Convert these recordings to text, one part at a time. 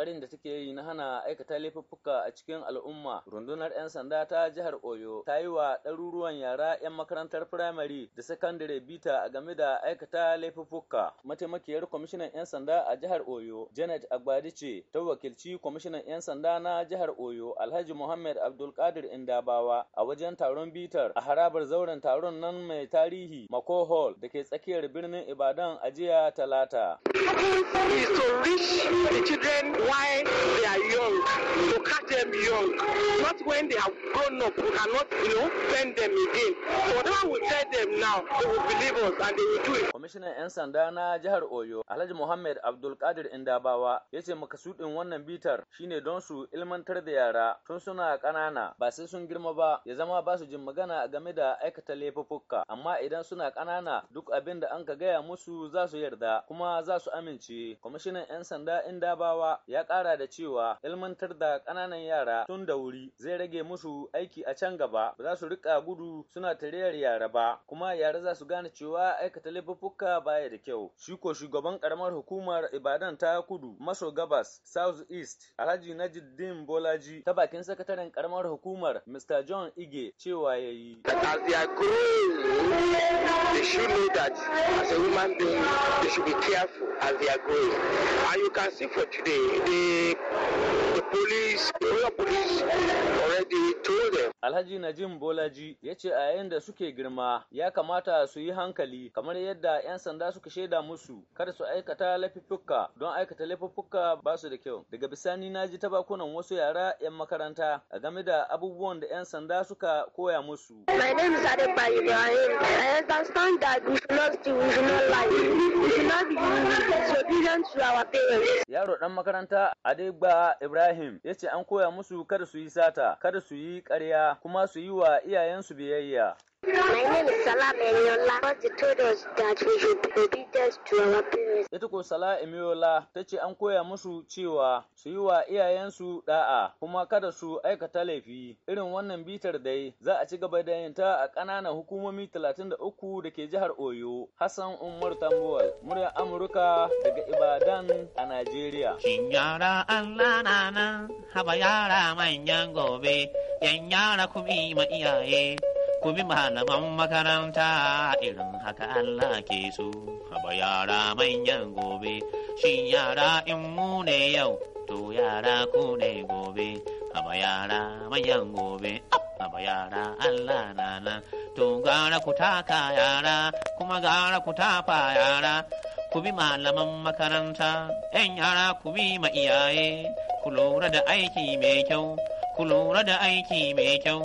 kokarin da take yi na hana aikata laifuffuka a cikin al'umma rundunar 'yan sanda ta jihar oyo ta yi wa ɗaruruwan yara 'yan makarantar firamare da sakandare bita a game da aikata laifuffuka mataimakiyar kwamishinan 'yan sanda a jihar oyo janet agbadi ta wakilci kwamishinan 'yan sanda na jihar oyo alhaji muhammad abdulkadir indabawa a wajen taron bitar a harabar zauren taron nan mai tarihi mako hall da ke tsakiyar birnin ibadan a jiya talata. why they are them young. Not when they have grown up, we cannot, you know, send them again. So whatever we tell them now, they will believe us and they will do it. Commissioner 'yan sanda na jihar Oyo, Alhaji Muhammad Abdulkadir Indabawa, ya ce makasudin wannan bitar shine don su ilmantar da yara tun suna ƙanana ba sai sun girma ba ya zama ba su jin magana game da aikata laifuffuka amma idan suna ƙanana duk abin da an ka gaya musu za su yarda kuma za su amince. Kwamishinan 'yan sanda Indabawa ya kara da cewa ilmantar da ƙananan yara tun da wuri zai rage musu aiki a can gaba ba za su rika gudu suna tarayyar yara ba kuma yara za su gane cewa aikata laifuffuka baya da kyau shi ko shugaban karamar hukumar Ibadan ta kudu maso gabas South East Alhaji Najiddin Bolaji ta bakin sakataren karamar hukumar Mr John Ige cewa ya yi. as they are growing you can see for today the polícia, royal polícia already Alhaji Najim Bolaji ya ce a yayin da suke girma ya kamata su yi hankali kamar yadda 'yan sanda suka shaida musu kada su aikata laifuffuka don aikata laifuffuka ba su da kyau. Daga bisani na ji tabakunan wasu yara 'yan makaranta a game da abubuwan da 'yan sanda suka koya musu. Yaro ɗan makaranta Adegba Ibrahim ya ce an koya musu kada su yi sata, kada su yi ƙarya, kuma su yi wa iyayensu biyayya. Emiola. Ita ko Sala Emiola ta ce an koya musu cewa su yi wa iyayensu da'a kuma kada su aikata laifi. Irin wannan bitar dai za a ci gaba da yin ta a ƙananan hukumomi 33 da ke jihar Oyo. Hassan Umar Tambuwal, murya Amurka daga Ibadan a Najeriya. Shin yara Allah na nan, haba yara manyan gobe. 'yan yara ku ma iyaye ku bi malaman makaranta irin haka Allah ke so haba yara manyan gobe shi yara in mu ne yau to yara ku ne gobe haba yara manyan gobe haba yara Allah na nan to gara ku taka yara kuma gara ku tafa yara ku malaman makaranta 'yan yara ku ma iyaye ku lura da aiki mai kyau ku lura da aiki mai kyau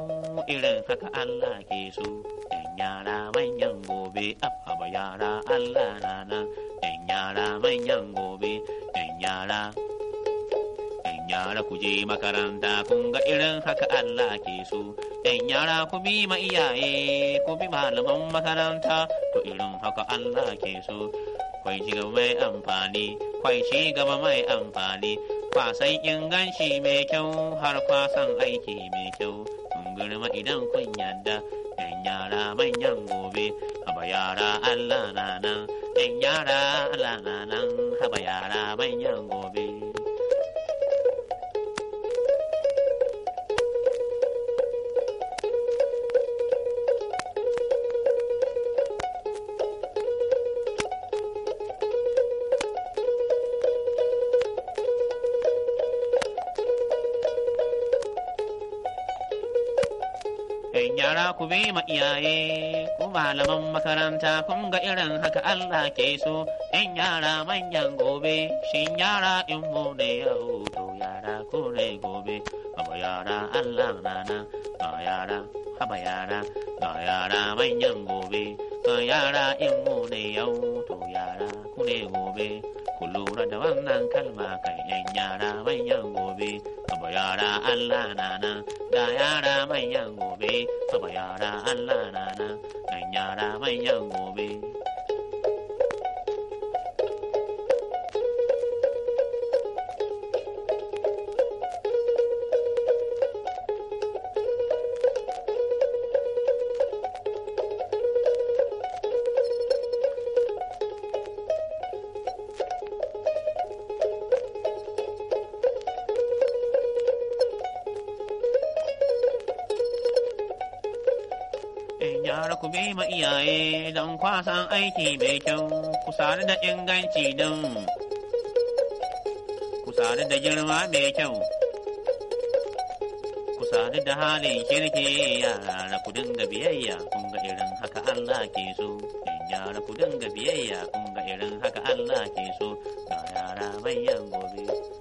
irin haka Allah ke so. ɗan yara manyan gobe, abba yara Allah nana, ɗan yara manyan gobe, ɗan yara. ɗan yara ku je makaranta kun ga irin haka Allah ke so. ɗan yara ku bi ma iyaye, ku bi malaman makaranta, to irin haka Allah ke so. Kwai ci gaba mai amfani, kwai ci gaba mai amfani. kwasan inganci mai kyau har kwasan aiki mai kyau kun girma idan kun yadda yan yara manyan gobe haba yara Allah na nan yan yara Allah na nan haba yara manyan gobe kai gyara ku bi ma iyaye ku malaman makaranta kun ga irin haka Allah ke so in yara manyan gobe shin yara in mu ne yau to yara ku ne gobe haba yara Allah nana ba yara haba yara ba yara manyan gobe ga yara in mu ne yau to yara ku ne gobe ku lura da wannan kalma kai. yan yara manyan gobe Saba yara Allah na da yara manyan gobe, saba yara Allah na nan yara manyan gobe. yara ku ma iyaye don kwasan aiki mai kyau ku sadu da inganci don ku sadu da girma mai kyau ku sadu da halin kirki yara ku dinga biyayya kun ga irin haka Allah ke so yara ku dinga biyayya kun ga irin haka Allah ke so ga yara manyan gobe.